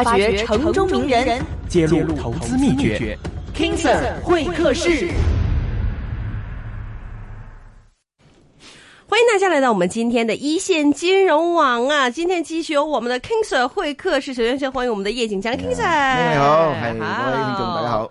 發掘城中名人，揭露投資秘訣。秘訣 King Sir 會客室，歡迎大家來到我們今天的一線金融網啊！今天繼續由我們的 King Sir 會客室，首先先歡迎我們的葉景強、嗯、King Sir、哎。你好，各位聽眾大家好。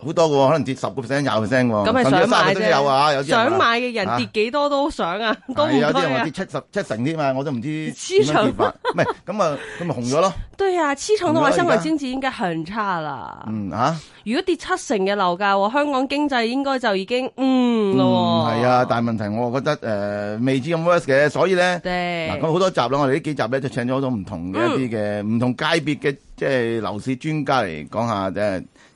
好多嘅，可能跌十個 percent、廿 percent，甚至三 percent 都有啊！有啲人想買嘅人跌幾多都想啊，都唔開啊！有啲人跌七十七成啲嘛，我都唔知點樣跌法。唔係咁啊，咁咪紅咗咯？對啊，黐重都話香港經濟應該很差啦。嗯吓，如果跌七成嘅樓價，香港經濟應該就已經嗯咯。嗯係啊，但係問題我覺得誒未知咁 worst 嘅，所以咧嗱，咁好多集啦，我哋呢幾集咧就請咗好多唔同嘅一啲嘅唔同界別嘅即係樓市專家嚟講下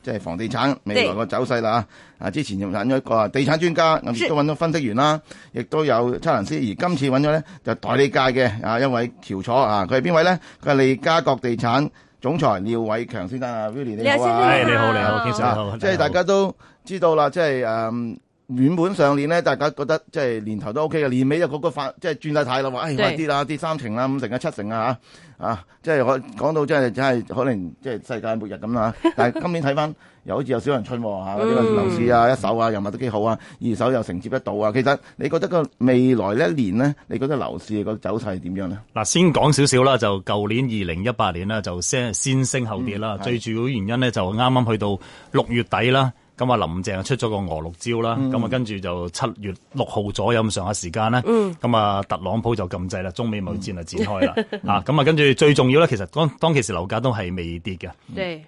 即係房地產未來個走勢啦嚇、啊！啊之前又揾咗一個地產專家，咁亦都揾咗分析員啦、啊，亦都有測量師。而今次揾咗咧就是、代理界嘅啊一位翹楚。啊，佢係邊位咧？佢係利嘉閣地產總裁廖偉強先生啊，Vivian 你好啊，誒你好你好，先生好，即係大家都知道啦，即係誒。嗯原本上年咧，大家覺得即係年頭都 O K 嘅，年尾就嗰個反即係轉晒態啦，話、哎、唉對快啲啦，跌三成啦，五成啊，七成啊啊！即係我講到即係真係可能即係世界末日咁啦 但係今年睇翻又好似有小陽春喎嚇，啲、啊嗯、樓市啊一手啊又賣得幾好啊，二手又承接得到啊。其實你覺得個未來呢一年呢，你覺得樓市個走勢點樣呢？嗱，先講少少啦，就舊年二零一八年啦就先先升後跌啦。嗯、最主要原因咧就啱啱去到六月底啦。咁啊，林鄭出咗個娥六招啦。咁啊、嗯，跟住就七月六號左右咁上下時間咧。咁啊、嗯，特朗普就禁制啦，中美貿易戰就展開啦。嗯嗯、啊，咁啊，跟住最重要咧，其實當當其時樓價都係未跌嘅。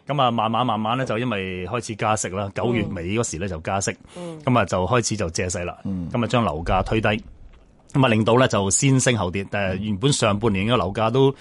咁啊是，慢慢慢慢咧就因為開始加息啦。九、嗯、月尾嗰時咧就加息，咁啊、嗯、就開始就借勢啦。咁啊將樓價推低，咁啊、嗯、令到咧就先升後跌。但誒，原本上半年嘅樓價都。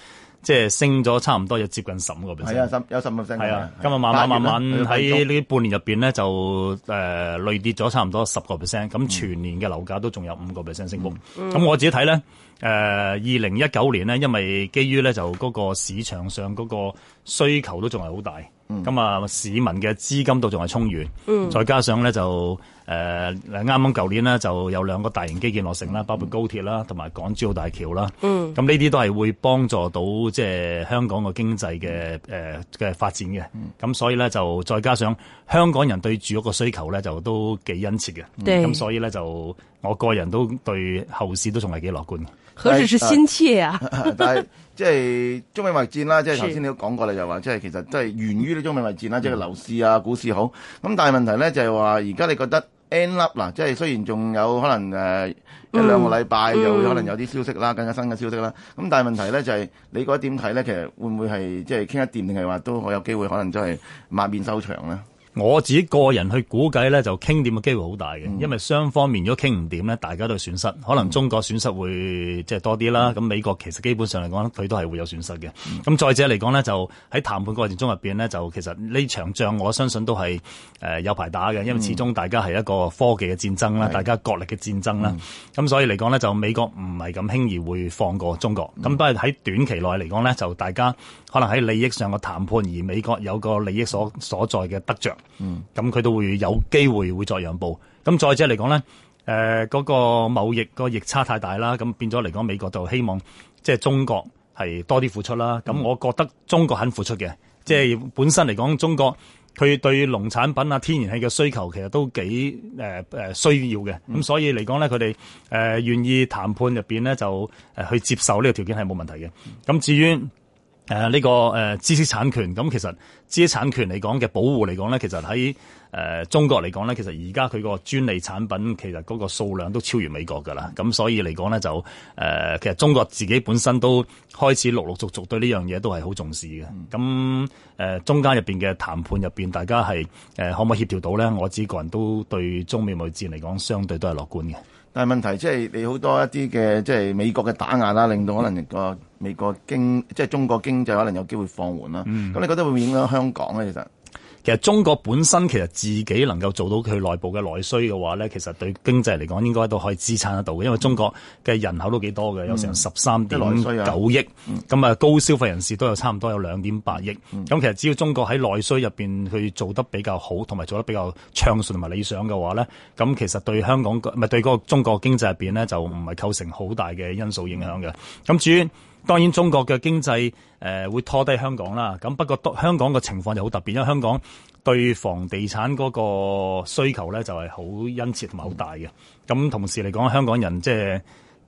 即係升咗差唔多有接近十五個 percent，係啊，有十五個 percent。係啊，今日慢慢慢慢喺呢慢慢半年入邊咧就誒、呃、累跌咗差唔多十個 percent。咁全年嘅樓價都仲有五個 percent 升幅。咁、嗯、我自己睇咧誒，二零一九年咧，因為基於咧就嗰個市場上嗰個需求都仲係好大。咁啊、嗯，市民嘅資金都仲係充裕，嗯、再加上咧就誒，啱啱舊年呢，就有兩個大型基建落成啦，嗯、包括高鐵啦，同埋港珠澳大橋啦。嗯，咁呢啲都係會幫助到即係香港個經濟嘅誒嘅發展嘅。咁、嗯、所以咧就再加上香港人對住屋個需求咧就都幾殷切嘅，咁對所以咧就我個人都對後市都仲係幾樂觀，可是是心切呀！對 即係中美貿易戰啦，即係頭先你都講過啦，又話即係其實即係源於呢中美貿易戰啦，即係樓市啊、股市好。咁但係問題咧就係話，而家你覺得 end up 啦即係雖然仲有可能誒一兩個禮拜就會可能有啲消息啦，嗯嗯、更加新嘅消息啦。咁但係問題咧就係你覺得點睇咧？其實會唔會係即係傾一掂，定係話都好有機會可能即係冇面收場咧？我自己個人去估計咧，就傾掂嘅機會好大嘅，嗯、因為雙方面如果傾唔掂咧，大家都損失。可能中國損失會即係多啲啦。咁、嗯、美國其實基本上嚟講，佢都係會有損失嘅。咁、嗯、再者嚟講呢，就喺談判過程中入面呢，就其實呢場仗我相信都係誒、呃、有排打嘅，因為始終大家係一個科技嘅戰爭啦，嗯、大家國力嘅戰爭啦。咁、嗯、所以嚟講呢，就美國唔係咁輕易會放過中國。咁不過喺短期內嚟講呢，就大家可能喺利益上嘅談判，而美國有個利益所所在嘅得着。嗯，咁佢都會有機會會再讓步。咁再者嚟講咧，誒、呃、嗰、嗰個貿易，個逆差太大啦，咁變咗嚟講，美國就希望即係、就是、中國係多啲付出啦。咁我覺得中國肯付出嘅，嗯、即係本身嚟講，中國佢對農產品啊、天然氣嘅需求其實都幾誒誒需要嘅。咁、嗯、所以嚟講咧，佢哋誒願意談判入邊咧，就誒去接受呢個條件係冇問題嘅。咁至於。誒，呢、呃，這個誒、呃、知識產權，咁其實知識產權嚟講嘅保護嚟講咧，其實喺誒、呃、中國嚟講咧，其實而家佢個專利產品，其實嗰個數量都超越美國噶啦，咁所以嚟講咧就誒、呃，其實中國自己本身都開始陸陸續續對呢樣嘢都係好重視嘅。咁誒、嗯呃、中間入邊嘅談判入邊，大家係誒、呃、可唔可以協調到咧？我自己個人都對中美貿易戰嚟講，相對都係樂觀嘅。但係問題即係你好多一啲嘅即係美國嘅打壓啦，令到可能個美國經即係中國經濟可能有機會放緩啦。咁，嗯，你覺得會唔會影響香港咧？其實？其實中國本身其實自己能夠做到佢內部嘅內需嘅話咧，其實對經濟嚟講應該都可以支撐得到嘅，因為中國嘅人口都幾多嘅，嗯、有成十三點九億，咁啊、嗯、高消費人士都有差唔多有兩點八億，咁、嗯、其實只要中國喺內需入邊去做得比較好，同埋做得比較暢順同埋理想嘅話咧，咁其實對香港咪對嗰個中國經濟入邊咧就唔係構成好大嘅因素影響嘅，咁至於。當然，中國嘅經濟誒會拖低香港啦。咁不過，香港嘅情況就好特別，因為香港對房地產嗰個需求咧就係好殷切同埋好大嘅。咁同時嚟講，香港人即係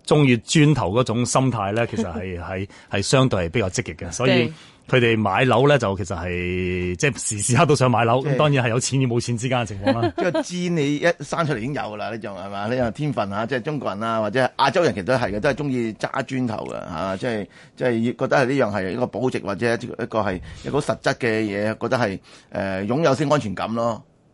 中意磚頭嗰種心態咧，其實係係係相對係比較積極嘅，所以。佢哋買樓咧，就其實係即係時時刻都想買樓，咁、即係、當然係有錢與冇錢之間嘅情況啦。即係磚，你一生出嚟已經有啦，呢樣係嘛？呢樣天分，嚇，即係中國人啊，或者亞洲人其實都係嘅，都係中意揸磚頭嘅嚇，即係即係覺得係呢樣係一個保值或者一個係一個實質嘅嘢，覺得係誒、呃、擁有先安全感咯。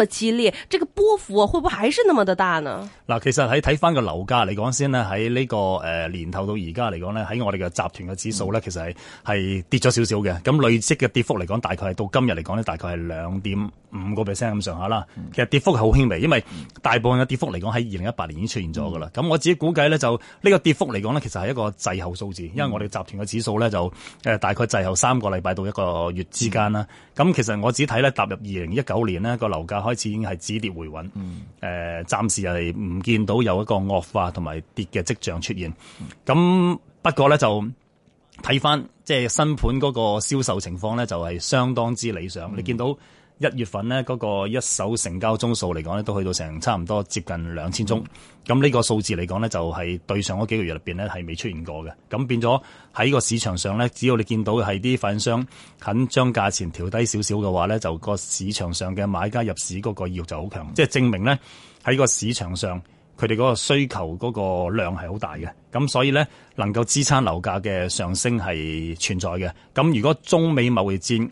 咁激烈，這個波幅會不會還是那麼的大呢？嗱，其實喺睇翻個樓價嚟講先呢，喺呢個誒年頭到而家嚟講呢，喺我哋嘅集團嘅指數呢，其實係係跌咗少少嘅。咁累積嘅跌幅嚟講，大概係到今日嚟講呢，大概係兩點五個 percent 咁上下啦。其實跌幅係好輕微，因為大部分嘅跌幅嚟講，喺二零一八年已經出現咗噶啦。咁我自己估計呢，就呢個跌幅嚟講呢，其實係一個滯後數字，因為我哋集團嘅指數呢，就誒大概滯後三個禮拜到一個月之間啦。咁其實我只睇咧，踏入二零一九年呢，個樓價開始已經係止跌回穩。誒、嗯，暫時係唔見到有一個惡化同埋跌嘅跡象出現。咁、嗯、不過咧，就睇返即係新盤嗰個銷售情況咧，就係、是、相當之理想。嗯、你見到。一月份呢，嗰、那個一手成交宗數嚟講呢，都去到成差唔多接近兩千宗。咁呢個數字嚟講呢就係、是、對上嗰幾個月入面，呢係未出現過嘅。咁變咗喺個市場上呢，只要你見到係啲發展商肯將價錢調低少少嘅話呢，就個市場上嘅買家入市嗰個意欲就好強，即、就、係、是、證明呢，喺個市場上佢哋嗰個需求嗰個量係好大嘅。咁所以呢，能夠支撐樓價嘅上升係存在嘅。咁如果中美貿易戰，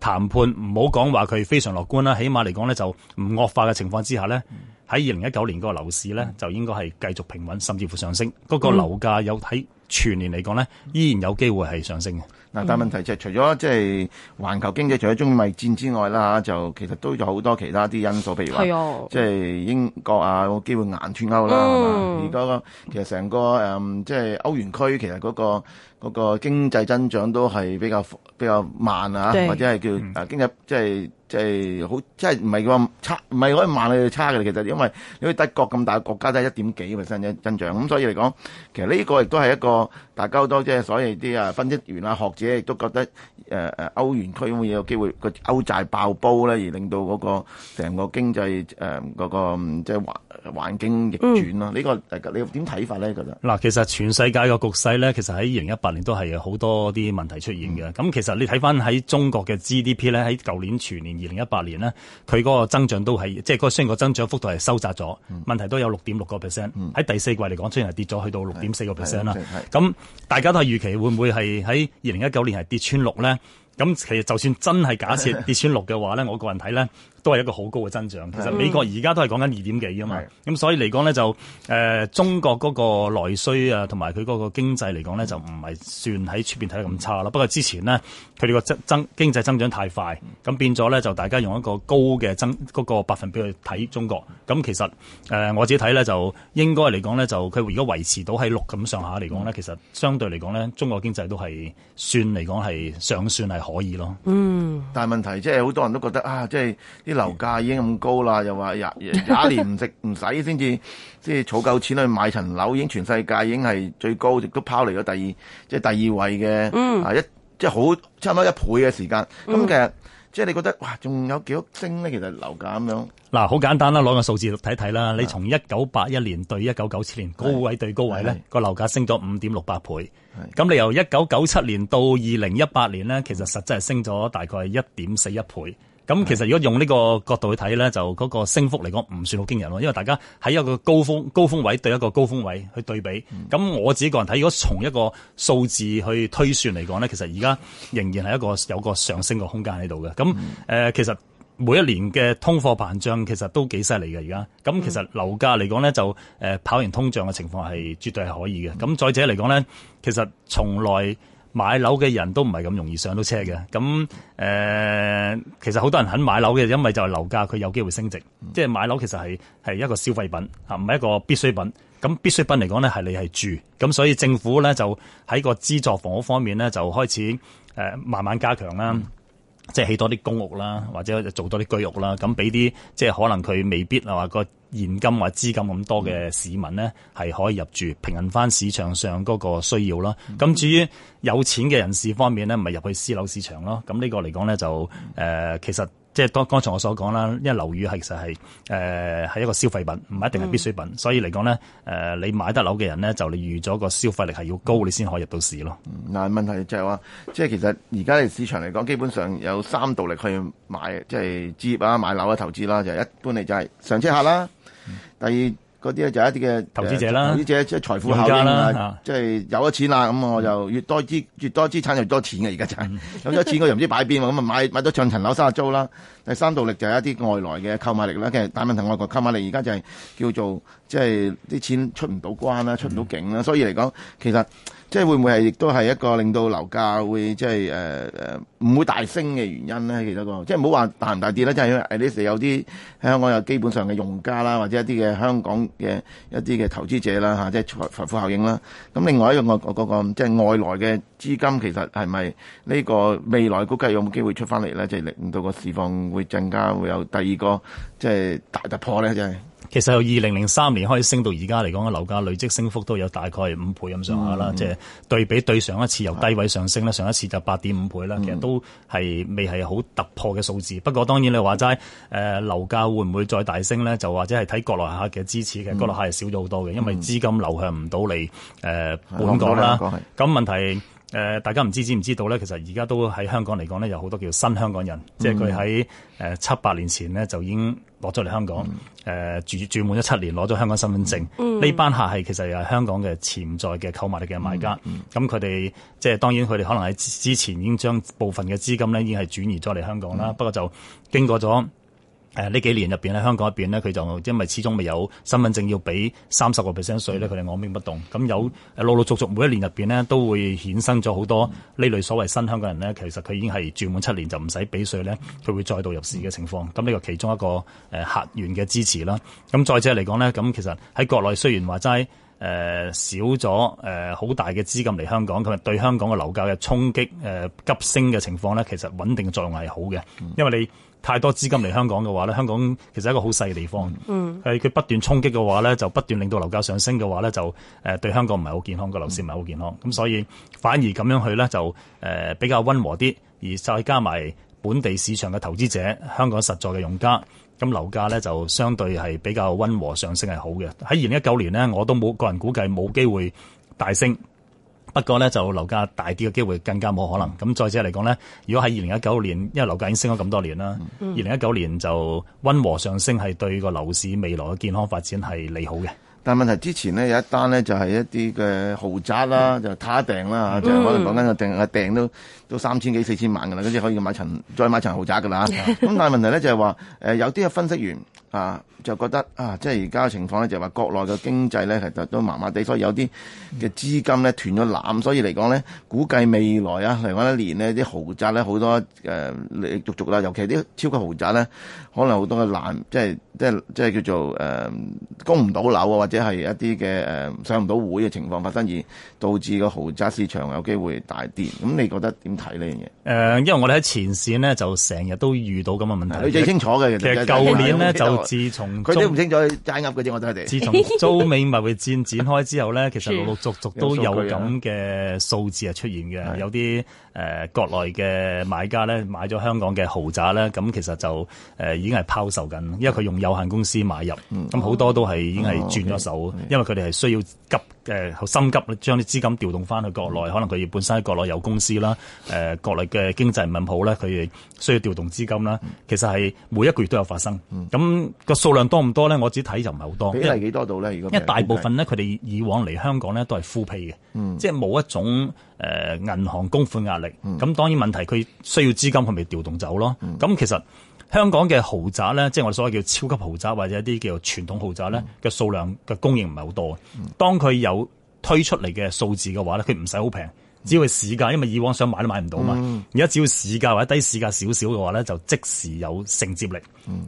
談判唔好講話佢非常樂觀啦，起碼嚟講呢，就唔惡化嘅情況之下呢，喺二零一九年嗰個樓市呢，就應該係繼續平穩，甚至乎上升。嗰、那個樓價有喺全年嚟講呢，依然有機會係上升嘅。嗱、嗯，但問題就係、是、除咗即係環球經濟除咗中美戰之外啦，就其實都有好多其他啲因素，譬如話即係英國啊，有機會硬脫歐啦，而嗰、嗯、其實成個誒即係歐元區，其實嗰、那個嗰、那個經濟增長都係比較。比較慢啊，對或者係叫、嗯、啊，今日即係。就是即係好，即係唔係個差，唔係可以萬里去差嘅。其實因為因為德國咁大國家都係一點幾嘅增長，咁所以嚟講，其實呢個亦都係一個大家好多即係，所謂啲啊分析員啊學者亦都覺得誒誒、呃、歐元區咁嘅嘢，有機會個歐債爆煲咧，而令到嗰個成個經濟誒嗰、呃那個即係環環境逆轉咯。嗯這個、呢個你點睇法咧？其實嗱，其實全世界嘅局勢咧，其實喺二零一八年都係好多啲問題出現嘅。咁、嗯、其實你睇翻喺中國嘅 GDP 咧，喺舊年全年。二零一八年咧，佢嗰個增長都係，即係嗰個雖然個增長幅度係收窄咗，問題都有六點六個 percent。喺、嗯、第四季嚟講，雖然係跌咗，去到六點四個 percent 啦。咁大家都係預期會唔會係喺二零一九年係跌穿六咧？咁其實就算真係假設跌穿六嘅話咧， 我個人睇咧。都係一個好高嘅增長，其實美國而家都係講緊二點幾啊嘛，咁、嗯、所以嚟講咧就誒、呃、中國嗰個內需啊，同埋佢嗰個經濟嚟講咧就唔係算喺出邊睇得咁差咯。不過之前呢，佢哋個增增經濟增長太快，咁變咗咧就大家用一個高嘅增嗰、那個、百分比去睇中國，咁其實誒、呃、我自己睇咧就應該嚟講咧就佢如果維持到喺六咁上下嚟講咧，嗯、其實相對嚟講咧中國經濟都係算嚟講係尚算係可以咯。嗯，但係問題即係好多人都覺得啊，即、就、係、是樓價已經咁高啦，又話廿廿年唔食唔使先至，即係儲夠錢去買層樓，已經全世界已經係最高，亦都拋離咗第二即係、就是、第二位嘅啊！嗯、一即係好差唔多一倍嘅時間。咁、嗯、其實即係、就是、你覺得哇，仲有幾多升咧？其實樓價咁樣嗱，好簡單啦，攞個數字睇睇啦。你從一九八一年對一九九七年高位對高位咧，個樓價升咗五點六八倍。咁是你由一九九七年到二零一八年咧，其實實際係升咗大概一點四一倍。咁其實如果用呢個角度去睇咧，就嗰個升幅嚟講唔算好驚人咯，因為大家喺一個高峰高峰位對一個高峰位去對比。咁我自己個人睇，如果從一個數字去推算嚟講咧，其實而家仍然係一個有一個上升嘅空間喺度嘅。咁、呃、其實每一年嘅通貨膨脹其實都幾犀利嘅而家。咁其實樓價嚟講咧，就、呃、跑完通脹嘅情況係絕對係可以嘅。咁再者嚟講咧，其實從來。買樓嘅人都唔係咁容易上到車嘅，咁誒、呃、其實好多人肯買樓嘅，因為就係樓價佢有機會升值，嗯、即係買樓其實係係一個消費品啊，唔係一個必需品。咁必需品嚟講咧，係你係住，咁所以政府咧就喺個資助房屋方面咧就開始誒慢慢加強啦。嗯即係起多啲公屋啦，或者做多啲居屋啦，咁俾啲即係可能佢未必話個現金或資金咁多嘅市民咧，係可以入住平衡返市場上嗰個需要囉。咁、嗯、至於有錢嘅人士方面咧，咪入去私樓市場咯。咁呢個嚟講咧就誒、呃、其實。即係剛剛才我所講啦，因為樓宇係其實係誒係一個消費品，唔係一定係必需品，嗯、所以嚟講咧誒，你買得樓嘅人咧就你預咗個消費力係要高，你先可以入到市咯。嗱、嗯，問題就係、是、話、就是，即係其實而家嘅市場嚟講，基本上有三道力去買，即、就、係、是、置業啊、買樓啊、投資啦，就係、是、一般嚟就係上車客啦，嗯、第二。嗰啲咧就係一啲嘅投資者啦，投資者即係財富效應啦，即係有咗錢啦，咁、啊、我就越多資越多資產就越多錢嘅，而家就係有咗錢我又唔知擺邊喎，咁啊買買到上層樓三卅租啦，第三道力就係一啲外來嘅購買力啦，其實大問題外國購買力而家就係叫做即係啲錢出唔到關啦，出唔到境啦，嗯、所以嚟講其實。即係會唔會係亦都係一個令到樓價會即係誒唔會大升嘅原因咧？其實個即係唔好話大唔大跌啦，即係誒因為有啲香港有基本上嘅用家啦，或者一啲嘅香港嘅一啲嘅投資者啦嚇，即係財財富效應啦。咁另外一個，外個個即係外來嘅資金，其實係咪呢個未來估計有冇機會出翻嚟咧？即係令到個市況會增加，會有第二個即係大突破咧，就係。其實由二零零三年開始升到而家嚟講，樓價累積升幅都有大概五倍咁上下啦。啊嗯、即係對比對上一次由低位上升咧，的上一次就八點五倍啦。其實都係未係好突破嘅數字。嗯、不過當然你話齋，誒、呃、樓價會唔會再大升咧？就或者係睇國內客嘅支持。其實國內客係少咗好多嘅，因為資金流向唔到你誒、呃嗯、本港國啦。咁問題？誒、呃，大家唔知知唔知道咧？其實而家都喺香港嚟講咧，有好多叫新香港人，嗯、即係佢喺誒七八年前咧就已經落咗嚟香港，誒、嗯呃、住住滿咗七年，攞咗香港身份證。呢、嗯、班客係其實係香港嘅潛在嘅購買力嘅買家，咁佢哋即係當然佢哋可能喺之前已經將部分嘅資金咧，已經係轉移咗嚟香港啦。嗯、不過就經過咗。誒呢、啊、幾年入面，咧，香港入面呢，呢佢就因為始終未有身份證要俾三十個 percent 稅咧，佢哋按兵不動。咁有陸陸續續每一年入面呢，都會衍生咗好多呢類所謂新香港人呢，其實佢已經係住滿七年就唔使俾稅呢，佢會再度入市嘅情況。咁呢個其中一個誒、呃、客源嘅支持啦。咁再者嚟講呢，咁其實喺國內雖然話齋。誒、呃、少咗誒好大嘅資金嚟香港，佢對香港嘅樓價嘅衝擊誒、呃、急升嘅情況咧，其實穩定作用係好嘅，因為你太多資金嚟香港嘅話咧，香港其實係一個好細嘅地方，係佢、嗯、不斷衝擊嘅話咧，就不斷令到樓價上升嘅話咧，就誒、呃、對香港唔係好健康，個樓市唔係好健康，咁所以反而咁樣去咧就誒、呃、比較温和啲，而再加埋本地市場嘅投資者，香港實在嘅用家。咁樓價咧就相對係比較溫和上升係好嘅。喺二零一九年呢，我都冇個人估計冇機會大升。不過呢，就樓價大跌嘅機會更加冇可能。咁再者嚟講呢，如果喺二零一九年，因為樓價已經升咗咁多年啦，二零一九年就溫和上升係對個樓市未來嘅健康發展係利好嘅。但問題之前呢，有一單呢就係一啲嘅豪宅啦，嗯、就他訂啦，就係我哋講緊個訂啊、嗯、訂都都三千幾四千萬嘅啦，嗰啲可以買層再買層豪宅嘅啦。咁 但係問題咧就係話誒有啲嘅分析員。啊，就覺得啊，即係而家嘅情況咧，就係話國內嘅經濟咧係就都麻麻地，所以有啲嘅資金咧斷咗纜，所以嚟講咧，估計未來啊，嚟講一年呢啲豪宅咧好多誒陸陸續續啦，尤其啲超級豪宅咧，可能好多嘅纜即係即係即係叫做誒供唔到樓啊，或者係一啲嘅誒上唔到會嘅情況發生而導致個豪宅市場有機會大跌。咁你覺得點睇呢樣嘢？誒、呃，因為我哋喺前線咧，就成日都遇到咁嘅問題。你最清楚嘅，其實舊年咧就。自從佢都唔清楚齋噏嘅啫，我哋自從中美貿易戰展開之後咧， 其實陸陸續續都有咁嘅數字係出現嘅，有啲。啊誒、呃、國內嘅買家咧買咗香港嘅豪宅咧，咁其實就誒、呃、已經係拋售緊，因為佢用有限公司買入，咁好、嗯、多都係已經係轉咗手，嗯哦、okay, 因為佢哋係需要急誒、呃、心急將啲資金調動翻去國內，嗯、可能佢本身喺國內有公司啦，誒、呃、國內嘅經濟唔問好咧，佢哋需要調動資金啦。其實係每一個月都有發生，咁、嗯、個數量多唔多咧？我只睇就唔係好多，為比例幾多度咧？如果因為大部分咧，佢哋 okay. 以往嚟香港咧都係附批嘅，嗯、即係冇一種。誒、呃、銀行供款壓力，咁、嗯、當然問題佢需要資金，係咪調動走咯。咁、嗯、其實香港嘅豪宅咧，即係我哋所謂叫超級豪宅或者一啲叫做傳統豪宅咧嘅數量嘅供應唔係好多。嗯、當佢有推出嚟嘅數字嘅話咧，佢唔使好平。只要市價，因為以往想買都買唔到嘛。而家、嗯、只要市價或者低市價少少嘅話咧，就即時有承接力。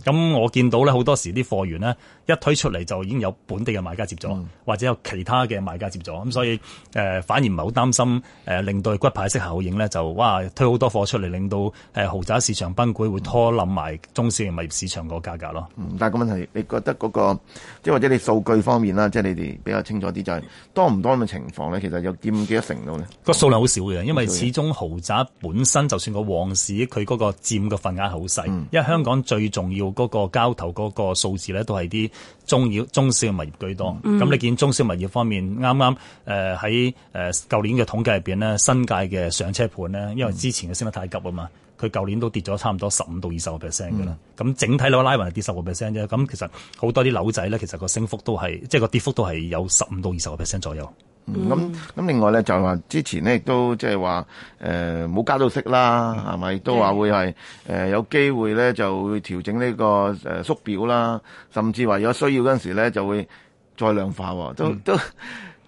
咁、嗯、我見到咧，好多時啲貨源呢一推出嚟就已經有本地嘅買家接咗，嗯、或者有其他嘅買家接咗。咁所以誒、呃，反而唔係好擔心誒、呃、令到骨牌式效應咧，就哇推好多貨出嚟，令到豪宅市場崩潰，會拖冧埋中小型物業市場個價格咯。嗯，但係個問題你覺得嗰、那個即係或者你數據方面啦，即係你哋比較清楚啲、就是，就係多唔多咁嘅情況咧？其實有見幾多成到呢？數量好少嘅，因為始終豪宅本身就算個旺市，佢嗰個佔個份額好細。嗯、因為香港最重要嗰個交投嗰個數字咧，都係啲中小中小物業居多。咁、嗯、你見中小物業方面，啱啱誒喺誒舊年嘅統計入邊咧，新界嘅上車盤咧，因為之前嘅升得太急啊嘛，佢舊年都跌咗差唔多十五到二十個 percent 嘅啦。咁、嗯、整體樓拉勻係跌十個 percent 啫。咁其實好多啲樓仔咧，其實個升幅都係即係個跌幅都係有十五到二十個 percent 左右。咁咁，嗯、另外咧就話、係、之前咧亦都即係話誒冇加到息啦，係咪、嗯？都話會係誒、呃、有機會咧，就會調整呢、呢個誒縮、呃、表啦，甚至話有需要嗰時咧就會再量化，都、嗯、都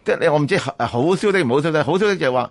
即係你我唔知好消息唔好消息，好消息就係話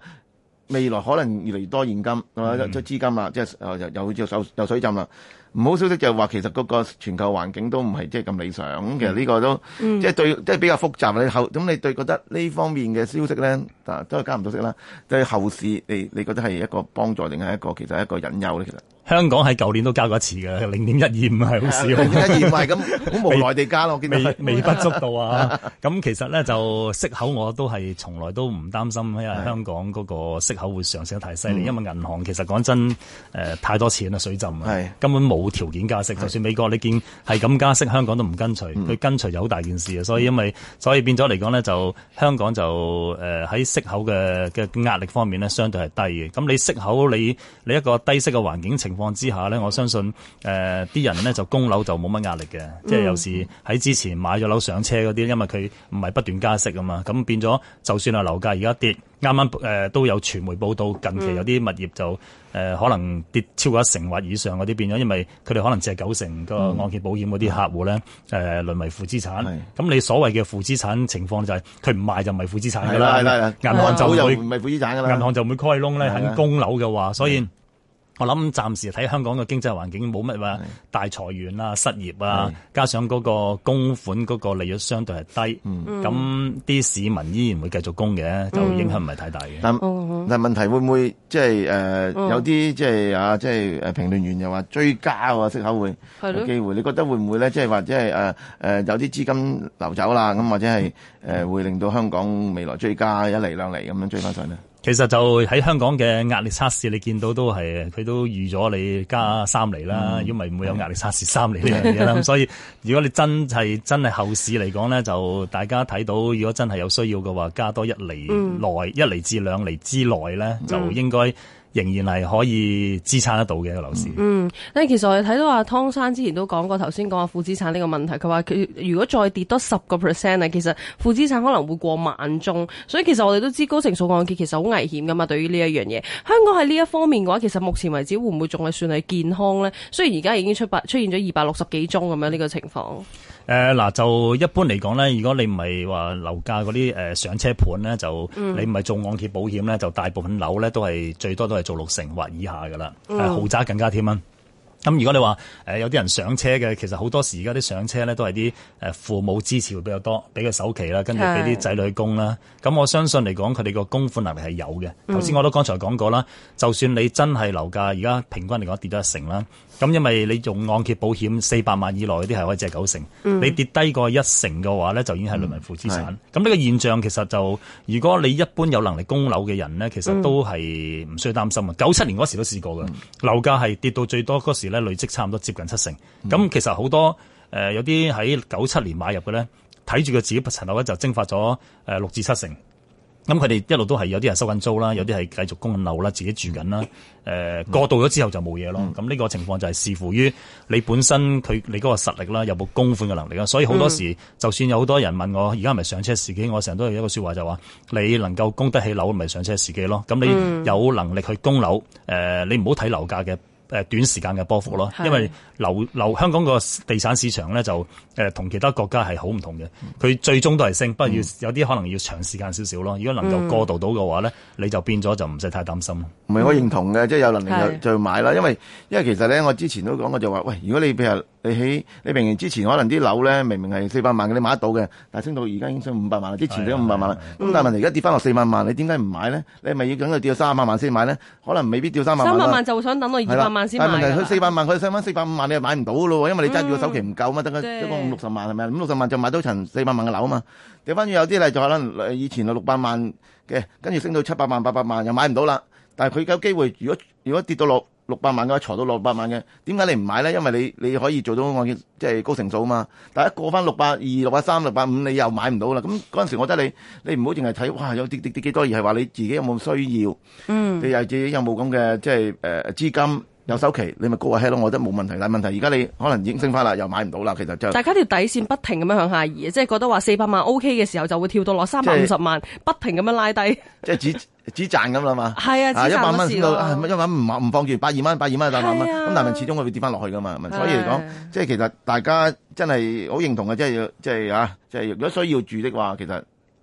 未來可能越嚟越多現金，係嘛、嗯？即係資金啦，即係又又又又又水浸啦。唔好消息就係話，其實嗰個全球環境都唔係即係咁理想。咁、嗯、其實呢個都即係、嗯、對即係、即係、比較複雜。你後咁你對覺得呢方面嘅消息咧，嗱都係加唔到息啦。對後市你，你你覺得係一個幫助定係一個其實係一個隱憂咧？其實。香港喺舊年都加過一次嘅，零點一二五係好少，零點一二五係咁，好 無奈地加咯。未我見未,微不足道啊。咁、 啊、其實咧就息口我都係從來都唔擔心因為香港嗰個息口會上升得太犀利，的因為銀行其實講真，誒、呃、太多錢啦，水浸啊，的根本冇條件加息。的就算美國你見係咁加息，香港都唔跟隨，佢的跟隨就好大件事啊。所以因為所以變咗嚟講咧，就香港就誒喺、呃、息口嘅嘅壓力方面咧，相對係低嘅。咁你息口你你一個低息嘅環境情。情況之下咧，我相信誒啲、呃、人咧就供樓就冇乜壓力嘅，即係有時喺之前買咗樓上車嗰啲，因為佢唔係不斷加息啊嘛，咁變咗就算係樓價而家跌，啱啱誒都有傳媒報道近期有啲物業就誒可能跌超過一成或以上嗰啲變咗，因為佢哋可能只係九成個按揭保險嗰啲客戶咧誒淪為負資產，咁的你所謂嘅負資產情況就係佢唔賣就唔係負資產噶啦，銀行就唔會唔係負資產噶啦，銀行就唔會開窿咧的肯供樓嘅話，所以。我諗暫時睇香港嘅經濟環境冇乜話大裁員啦、失業啊，加上嗰個供款嗰個利率相對係低，咁啲、嗯、市民依然會繼續供嘅，就影響唔係太大嘅、嗯。但但問題會唔會即係誒有啲即係啊即係誒評論員又話追加喎，息口會有機會？你覺得會唔會咧？即係話，即係誒誒有啲資金流走啦，咁、啊、或者係誒、呃、會令到香港未來追加一嚟兩嚟咁樣追翻上呢？其實就喺香港嘅壓力測試，你見到都係佢都預咗你加三厘啦，如果唔係唔會有壓力測試三厘呢樣嘢啦。咁 所以如果你真係真係後市嚟講咧，就大家睇到如果真係有需要嘅話，加多一厘內一厘、嗯、至兩厘之內咧，就應該，仍然係可以支撐得到嘅一個樓市嗯。嗯，但其實我哋睇到阿、啊、湯生之前都講過，頭先講個負資產呢個問題，佢話佢如果再跌多十個 percent 啊，其實負資產可能會過萬宗。所以其實我哋都知高成數按揭其實好危險噶嘛。對於呢一樣嘢，香港喺呢一方面嘅話，其實目前為止會唔會仲係算係健康呢？雖然而家已經出百出現咗二百六十幾宗咁樣呢個情況。誒嗱、呃，就一般嚟講咧，如果你唔係話樓價嗰啲誒上車盤咧，就你唔係做按揭保險咧，嗯、就大部分樓咧都係最多都係做六成或以下㗎啦、嗯啊。豪宅更加添啊。咁如果你話、呃、有啲人上車嘅，其實好多時而家啲上車咧都係啲誒父母支持會比較多，俾個首期啦，跟住俾啲仔女供啦。咁是 我相信嚟講，佢哋個供款能力係有嘅。頭先我都剛才講過啦，就算你真係樓價而家平均嚟講跌咗一成啦。咁因為你用按揭保險四百萬以內嗰啲係可以借九成，嗯、你跌低過一成嘅話咧，就已經係論民負資產。咁呢是個現象其實就，如果你一般有能力供樓嘅人咧，其實都係唔需要擔心啊。九七、嗯、年嗰時都試過㗎，嗯、樓價係跌到最多嗰時咧累積差唔多接近七成。咁、嗯、其實好多誒有啲喺九七年買入嘅咧，睇住佢自己層樓咧就蒸發咗誒六至七成。咁佢哋一路都係有啲人收緊租啦，有啲係繼續供緊樓啦，自己住緊啦。誒、呃、過渡咗之後就冇嘢咯。咁呢、嗯、個情況就係視乎於你本身佢你嗰個實力啦，有冇供款嘅能力啦。所以好多時、嗯、就算有好多人問我而家係咪上車時機，我成日都有一個說話就話、是、你能夠供得起樓，咪、就是、上車時機咯。咁你有能力去供樓，誒、呃、你唔好睇樓價嘅。誒短時間嘅波幅咯，因為留留香港個地產市場咧就，呃、同其他國家係好唔同嘅，佢最終都係升，不過要有啲可能要長時間少少咯。如果能夠過渡到嘅話咧，嗯、你就變咗就唔使太擔心。唔係我認同嘅，即係有能力就就買啦，因為是的 因為其實咧我之前都講過，就話喂，如果你譬如。你起你明年之前可能啲樓咧，明明係四百萬嘅，你買得到嘅，但係升到而家已經升五百萬啦，之前已經五百萬啦。咁但係問題而家跌翻落四百萬，你點解唔買咧？你咪要等佢跌到三百萬先買咧？可能未必跌三百萬。三百萬就會想等落二百萬先買。但係佢四百萬，佢上翻四百五萬，你又買唔到嘅咯，因為你揸住個首期唔夠嘛，得個一共五六十萬，係咪五六十萬就買到層四百萬嘅樓啊嘛。掉翻轉有啲例就可、是、能以前六百萬嘅，跟住升到七百萬、八百萬又買唔到啦。但係佢有機會，如果如果跌到六。六百萬嘅，坐到六百萬嘅，點解你唔買咧？因為你你可以做到我即係高成數啊嘛。但係一過翻六百二、六百三、六百五，你又買唔到啦。咁嗰陣時，我覺得你你唔好淨係睇哇，有啲啲啲幾多，而係話你自己有冇需要？嗯，你又自己有冇咁嘅即係誒資金？有首期你咪 go ahead 咯，我覺得冇問題啦。但問題，而家你可能已經升翻啦，又買唔到啦。其實就是，大家條底線不停咁樣向下移，即係覺得話四百萬 OK 嘅時候，就會跳到落三百五十萬，是不停咁樣拉低。即係只只賺咁啦嘛。係啊，一百蚊先到，哎、一萬、啊、百唔唔放住百二蚊，百二蚊打萬蚊咁，但係始終會跌翻落去噶嘛。啊、所以嚟講，啊、即係其實大家真係好認同嘅，即係、啊、要即係即係如果需要住的話，其實。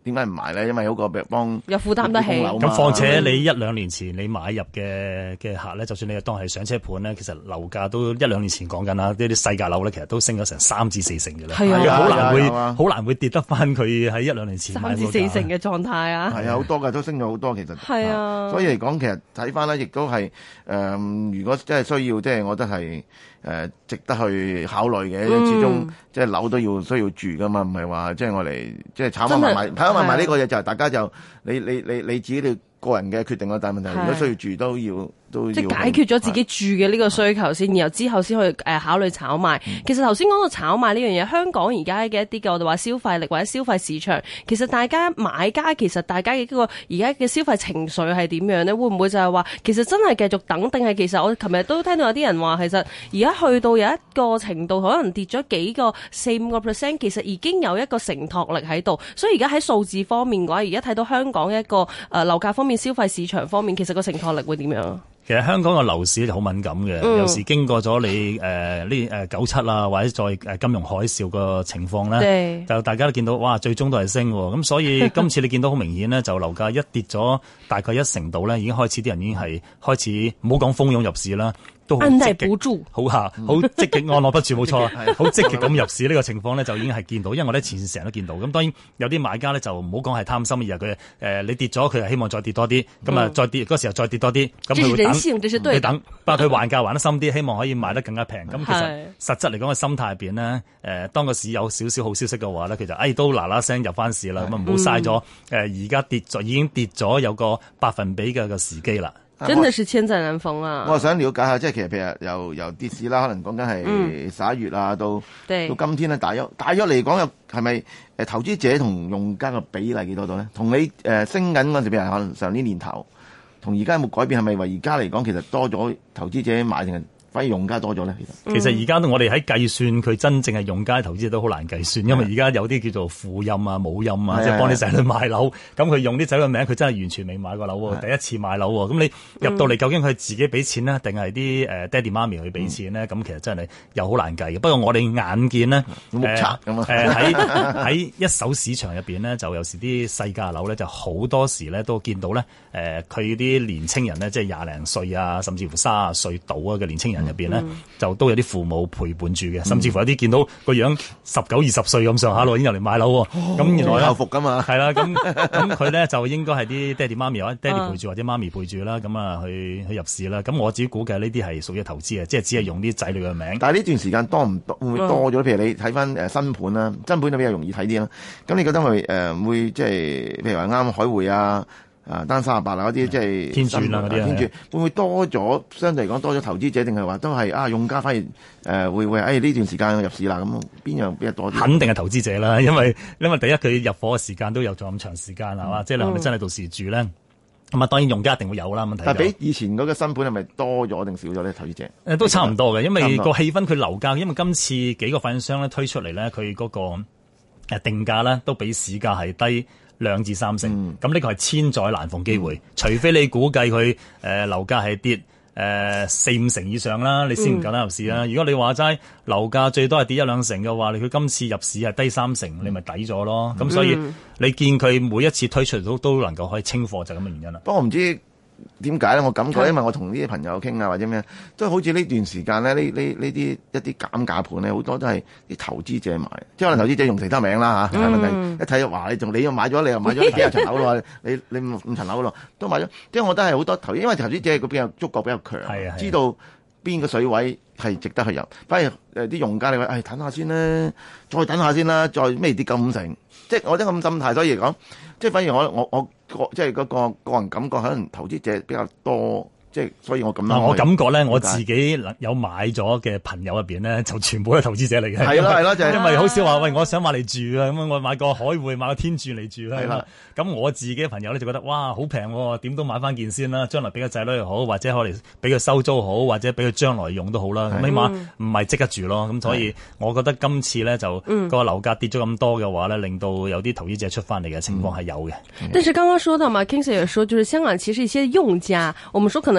點解唔買咧？因為嗰個幫又負擔得起。咁況且你一兩年前你買入嘅嘅客咧，就算你當係上車盤咧，其實樓價都一兩年前講緊啦。呢啲細價樓咧，其實都升咗成三至四成嘅啦。係啊，好難會好、啊啊啊、難會跌得翻佢喺一兩年前買三至四成嘅狀態啊。係啊，好多噶都升咗好多，其實係啊。所以嚟講，其實睇翻咧，亦都係誒，如果真係需要，即係我覺得係。誒，值得去考慮嘅，因為始終即係樓都要需要住㗎嘛，唔係話即係我嚟即係炒賣賣。的炒賣賣呢個嘢就係大家就是的 你你你你自己哋個人嘅決定啦。但問題是的 如果需要住都要。即係解決咗自己住嘅呢個需求先，的然後之後先去誒、呃、考慮炒賣。嗯、其實頭先講到炒賣呢樣嘢，香港而家嘅一啲嘅我哋話消費力或者消費市場，其實大家買家其實大家嘅呢、那個而家嘅消費情緒係點樣呢？會唔會就係話其實真係繼續等？定係其實我琴日都聽到有啲人話，其實而家去到有一個程度，可能跌咗幾個四五個 percent，其實已經有一個承托力喺度。所以而家喺數字方面嘅話，而家睇到香港嘅一個誒樓價方面、消費市場方面，其實個承托力會點樣？其實香港嘅樓市就好敏感嘅，有時、嗯、經過咗你誒呢誒九七啦、啊，或者再金融海嘯個情況咧，的就大家都見到哇，最終都係升喎。咁所以今 次你見到好明顯咧，就樓價一跌咗大概一成度咧，已經開始啲人已經係開始唔好講蜂擁入市啦。都按捺不住好吓，好積極，按捺不住，冇錯好，好積極咁入市呢、這個情況咧，就已經係見到，因為我哋前線成日都見到。咁當然有啲買家咧就唔好講係貪心，而係佢誒，你跌咗佢係希望再跌多啲，咁啊、嗯、再跌嗰時候再跌多啲，咁佢等，佢等。不過佢還價還得深啲，嗯、希望可以賣得更加平。咁、嗯、其實實質嚟講嘅心態入邊咧，誒、呃，當個市有少少好消息嘅話咧，其實哎都嗱嗱聲入翻市啦，咁啊唔好嘥咗誒，而家、呃、跌咗已經跌咗有個百分比嘅個時機啦。真的是千載難逢啊！我想了解下，即係其實譬如由由跌市啦，可能講緊係十一月啦，啊，到、嗯、到今天咧，大約大約嚟講又係咪投資者同用家嘅比例幾多度咧？同你誒升緊嗰陣時，譬如可能上年年頭，同而家有冇改變，係咪話而家嚟講其實多咗投資者買定？反而、嗯、用家多咗咧，其實而家我哋喺計算佢真正係用家投資都好難計算，的因為而家有啲叫做負音啊、母音啊，即係的幫你仔女買樓，咁佢的用啲仔嘅名字，佢真係完全未買過樓，的第一次買樓喎。咁你入到嚟，嗯、究竟佢自己俾錢呢？定係啲誒爹地媽咪去俾錢呢？咁、嗯、其實真係又好難計嘅。不過我哋眼見咧，誒誒喺喺一手市場入邊呢，就有時啲細價的樓咧，就好多時咧都見到咧，誒佢啲年青人呢，呃、人即係廿零歲啊，甚至乎卅歲到啊嘅年青人。入邊咧就都有啲父母陪伴住嘅，甚至乎有啲見到個樣十九二十歲咁上下，已經入嚟買樓喎。咁、哦、原來校服噶嘛，係啦。咁咁佢咧就應該係啲爹地媽咪，或者爹地陪住或者媽咪陪住啦。咁、嗯、啊、嗯、去去入市啦。咁我自己估計呢啲係屬於投資啊，即係只係用啲仔女嘅名。但係呢段時間多唔多？會唔會多咗？嗯、譬如你睇翻誒新盤啦，新盤就比較容易睇啲啦。咁你覺得會誒會即係、呃、譬如話啱海匯啊？啊，單三十八樓啊，嗰啲即係天轉傳啦，天住會唔會多咗？相對嚟講多咗投資者，定係話都係啊，用家反而誒、呃、會會誒呢段時間入市啦咁。邊樣比較多？肯定係投資者啦，因為因為第一佢入貨嘅時間都有咗咁長時間係嘛，即係你係咪真係到時住咧？咁啊、嗯，當然用家一定會有啦問題。但係比以前嗰個新盤係咪多咗定少咗咧？投資者都差唔多嘅，因為個氣氛佢樓價，因為今次幾個發展商咧推出嚟咧，佢嗰個定價咧都比市價係低。兩至三成，咁呢個係千載難逢機會。嗯、除非你估計佢誒、呃、樓價係跌誒、呃、四五成以上啦，你先唔夠膽入市啦。嗯、如果你話齋樓價最多係跌一兩成嘅話，你佢今次入市係低三成，嗯、你咪抵咗咯。咁、嗯、所以你見佢每一次推出都都能夠可以清貨，就咁嘅原因啦。嗯嗯、不過唔知點解咧？我感覺，因為我同呢啲朋友傾啊，或者咩，都好似呢段時間咧，呢呢呢啲一啲減價盤咧，好多都係啲投資者買，即係可能投資者用成多名啦吓，一睇就話你仲你又買咗，你又買咗幾多層樓咯，你你五五層樓咯，都買咗，即係我覺得係好多投資，因為投資者個邊有足夠比較強， 知道邊個水位係值得去入， 反而誒啲用家你話，哎等下先啦，再等下先啦，再咩跌咁五成。即係我啲咁心態，所以嚟講，即係反而我我我個即係嗰個個人感覺，可能投資者比較多。即係，所以我咁啦。我感覺咧，我自己有買咗嘅朋友入邊咧，就全部係投資者嚟嘅。係咯，係咯，就係因為好少話，喂，我想買嚟住啊，咁樣我買個海匯買個天鑽嚟住啦。係啦，咁我自己嘅朋友咧就覺得，哇，好平喎，點都買翻件先啦。將來俾個仔女又好，或者可能俾佢收租好，或者俾佢將來用都好啦。起碼唔係即刻住咯。咁所以，我覺得今次咧就個樓價跌咗咁多嘅話咧，令到有啲投資者出翻嚟嘅情況係有嘅。但是剛剛說到嘛，King Sir 又話，就是香港其實一些用家，我們說可能。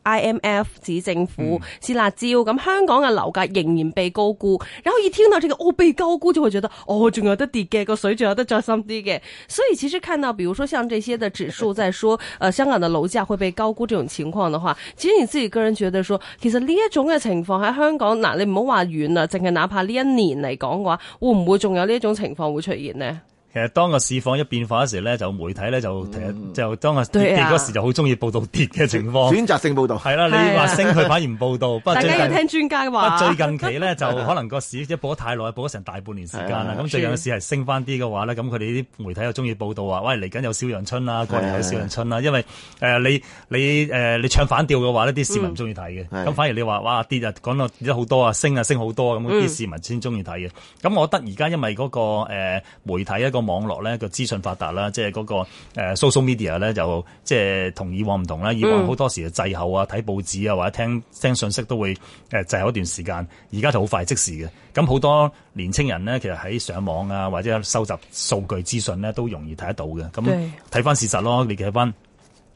I M F 指政府是、嗯、辣椒咁，香港嘅樓價仍然被高估，然後一聽到呢、這個我、哦、被高估，就會覺得我仲有得跌嘅。個、哦、水仲有得再深啲嘅。所以其實看到，比如說像這些的指數，在說， 呃香港的樓價會被高估這種情況的話，其實你自己個人覺得說，其實呢一種嘅情況喺香港嗱、呃，你唔好話遠啦，淨係哪怕呢一年嚟講嘅話，會唔會仲有呢一種情況會出現呢？其實當個市況一變化嗰時咧，就媒體咧就、嗯、就當個跌嗰時候就好中意報道跌嘅情、啊、情況。選擇性報道係啦，啊啊、你話升佢反而唔報道。大家要聽專家嘅話。 最近期咧就可能個市一報得太耐，報咗成大半年時間啦。咁、 啊、最近個市係升翻啲嘅話咧，咁佢哋啲媒體又中意報道話，喂，嚟緊有小陽春啦，過嚟有小陽春啦。啊、因為誒、呃，你你誒、呃，你唱反調嘅話呢，啲市民唔中意睇嘅。咁、嗯、反而你話，哇，跌啊，講到跌好多啊，升啊，升好多啊，咁啲市民先中意睇嘅。咁、嗯、我覺得而家因為嗰個誒媒體一個。呃網絡咧個資訊發達啦，即係嗰個誒 social media 咧，就即係同以往唔同啦。以往好多時就滯後啊，睇報紙啊，或者聽聽信息都會誒滯後一段時間。而家就好快即時嘅。咁好多年青人咧，其實喺上網啊，或者收集數據資訊咧，都容易睇得到嘅。咁睇翻事實咯，你睇翻。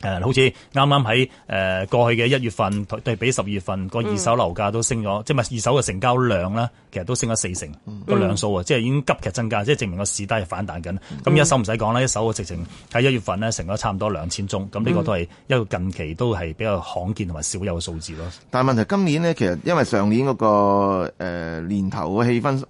誒，好似啱啱喺誒過去嘅一月、月份，對比十二月份個二手樓價都升咗，即係、嗯、二手嘅成交量啦，其實都升咗四成個量數啊！即係已經急劇增加，即係證明個市低係反彈緊。咁、嗯、一手唔使講啦，一手嘅直情喺一月份呢，成咗差唔多兩千宗，咁呢、嗯、個都係一個近期都係比較罕見同埋少有嘅數字咯。但係問題今年呢，其實因為上年嗰、那個誒、呃、年頭嘅氣氛，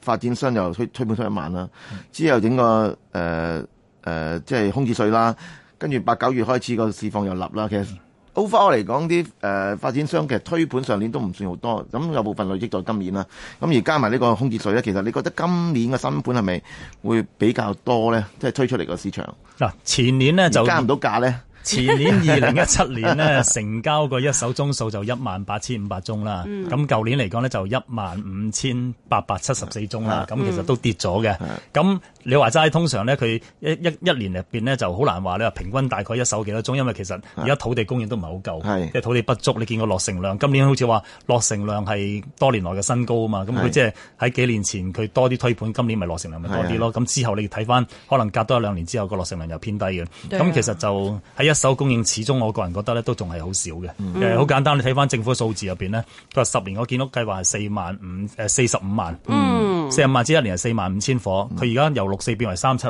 發展商又推推唔出一萬啦，嗯、之後整個誒誒即係空置稅啦。跟住八九月開始個市況又立啦，其實 overall 嚟講啲誒發展商其實推盤上年都唔算好多，咁有部分累積到今年啦。咁而加埋呢個空置稅咧，其實你覺得今年嘅新盤係咪會比較多咧？即係推出嚟個市場嗱，前年咧就加唔到價咧。前年二零一七年呢， 成交個一手中數 18, 宗數就一萬八千五百宗啦。咁舊、嗯、年嚟講呢，就一萬五千八百七十四宗啦。咁、嗯、其實都跌咗嘅。咁、嗯、你話齋，通常呢，佢一一一年入邊呢，就好難話呢，你話平均大概一手幾多宗，因為其實而家土地供應都唔係好夠，即係的土地不足。你見個落成量，今年好似話落成量係多年來嘅新高啊嘛。咁佢即係喺幾年前佢多啲推盤，今年咪落成量咪多啲咯。咁的之後你要睇翻，可能隔多一兩年之後個落成量又偏低嘅。咁的其實就喺。一手供應始終，我個人覺得咧都仲係好少嘅。誒、嗯，好簡單，你睇翻政府嘅數字入邊咧，佢話十年個建屋計劃係四萬五誒，四十五萬，四十萬之一年係四萬五千伙。佢而家由六四變為三七，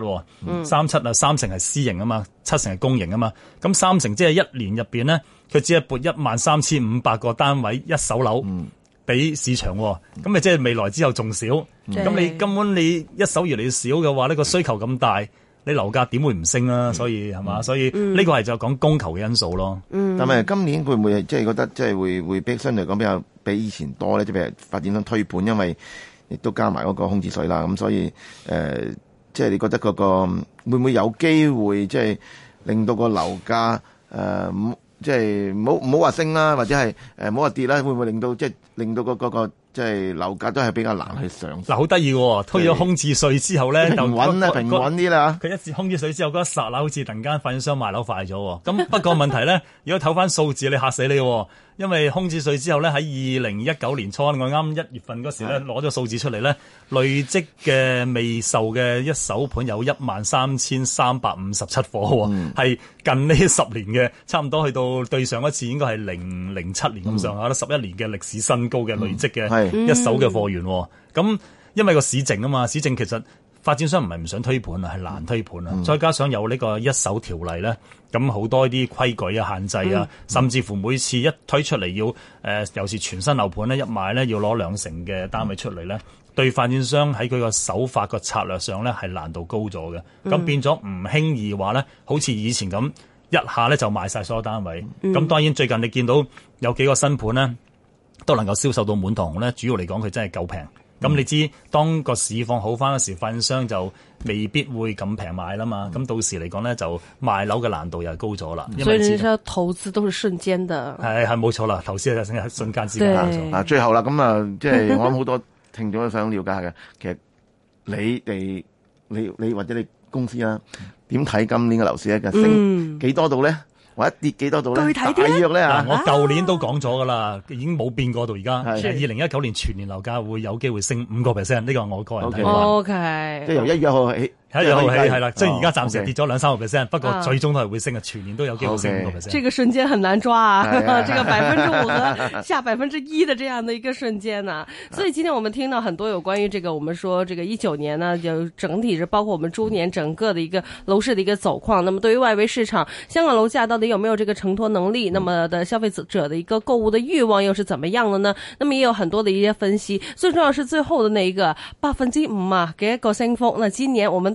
三七啊，三成係私營啊嘛，七成係公營啊嘛。咁三成即係一年入邊咧，佢只係撥一萬三千五百個單位一手樓俾市場。咁咪即係未來之後仲少？咁、嗯、你根本你一手越嚟越少嘅話呢、個需求咁大。你樓價點會唔升啊？所以係嘛、嗯，所以呢、嗯、個係就講供求嘅因素咯嗯。嗯但係今年會唔會即係覺得即係會會比相對講比較比以前多咧？即、就、係、是、發展商推盤，因為亦都加埋個空置稅啦。咁所以誒、即、呃、係、就是、你覺得嗰個會唔會有機會，即係令到個樓價誒，即係冇冇話升啦，或者係誒冇話跌啦？會唔會令到即係、就是、令到個、那、嗰個？即係樓價都係比較難去上，啊，嗱好得意喎，推咗空置稅之後咧，就平穩啦，啊，平穩啲啦，佢一次空置稅之後，嗰一剎那好似突然間發商賣樓快咗，哦。咁 不過問題咧，如果睇翻數字，你嚇死你喎，哦。因為空置稅之後咧，喺二零一九年初，我啱一月份嗰時咧攞咗數字出嚟咧，累積嘅未售嘅一手盤有一萬三千三百五十七貨喎，係、嗯、近呢十年嘅，差唔多去到對上一次應該係零零七年咁上下啦，十一、嗯、年嘅歷史新高嘅累積嘅一手嘅貨源。咁、嗯嗯、因為個市靜啊嘛，市靜其實。發展商唔係唔想推盤啊，係難推盤啊！嗯、再加上有呢個一手條例咧，咁好多啲規矩啊、限制啊，嗯嗯、甚至乎每次一推出嚟要誒，又、呃、是全新樓盤咧，一買咧要攞兩成嘅單位出嚟咧，嗯、對發展商喺佢個手法個策略上咧係難度高咗嘅。咁、嗯、變咗唔輕易話咧，好似以前咁一下咧就賣晒所有單位。咁、嗯、當然最近你見到有幾個新盤咧都能夠銷售到滿堂，咧主要嚟講佢真係夠平。咁、嗯、你知，當個市況好翻嘅時，份商就未必會咁平買啦嘛。咁、嗯、到時嚟講咧，就賣樓嘅難度又高咗啦。因為你所以說投資都係瞬間嘅。係係冇錯啦，投資就升係瞬間之間對、啊啊、最後啦，咁啊，即係我諗好多聽眾都想了解下嘅， 其實你哋你你，你或者你公司啦，點睇今年嘅樓市一日升幾多度咧？嗯我一跌幾多度咧？具體啲咧、啊？我舊年都講咗噶啦，已經冇變過度。而家二零一九年全年樓價會有機會升五個 percent，呢個我個人睇法。O K，即係由一月開始。係又係係啦，即係而家暫時跌咗兩三個 percent，不過最終都係會升嘅，全年都有機會升五個 percent。這個瞬間很難抓啊，這個百分之五的下百分之一的這樣的一個瞬間啊，所以今天我們聽到很多有關於這個，我們說這個一九年呢就整體是包括我們豬年整個的一個樓市的一個走況。那麼對於外圍市場，香港樓價到底有沒有這個承托能力？那麼的消費者的一個購物的慾望又是怎麼樣的呢？那麼也有很多的一些分析，最重要是最後的那一個百分之五啊，一個新峰。那今年我們。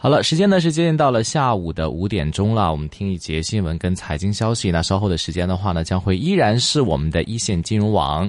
好了，時間呢是接近到了下午的五點鐘了，我們聽一節新聞跟財經消息。那稍後的時間的話呢，將會依然是我們的一線金融網。